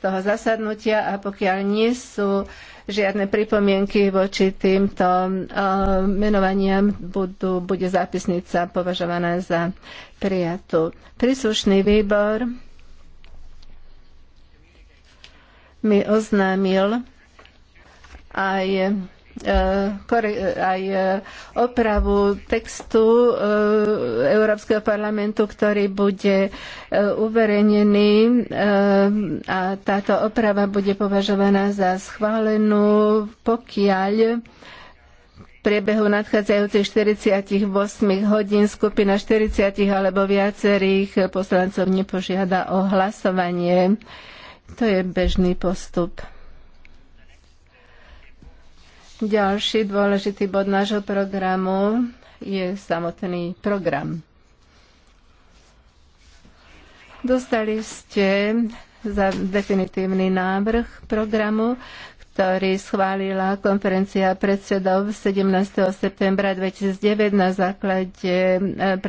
toho zasadnutia a pokiaľ nie sú žiadne pripomienky voči týmto eh, menovaniam, budú, bude zápisnica považovaná za prijatú. Príslušný výbor mi oznámil aj, eh, aj eh, opravu textu Európskeho parlamentu, ktorý bude e, uverejnený e, a táto oprava bude považovaná za schválenú, pokiaľ v priebehu nadchádzajúcich 48 hodín skupina 40 alebo viacerých poslancov nepožiada o hlasovanie. To je bežný postup. Ďalší dôležitý bod nášho programu je samotný program. Dostali ste za definitívny návrh programu, ktorý schválila konferencia predsedov 17. septembra 2009 na základe eh,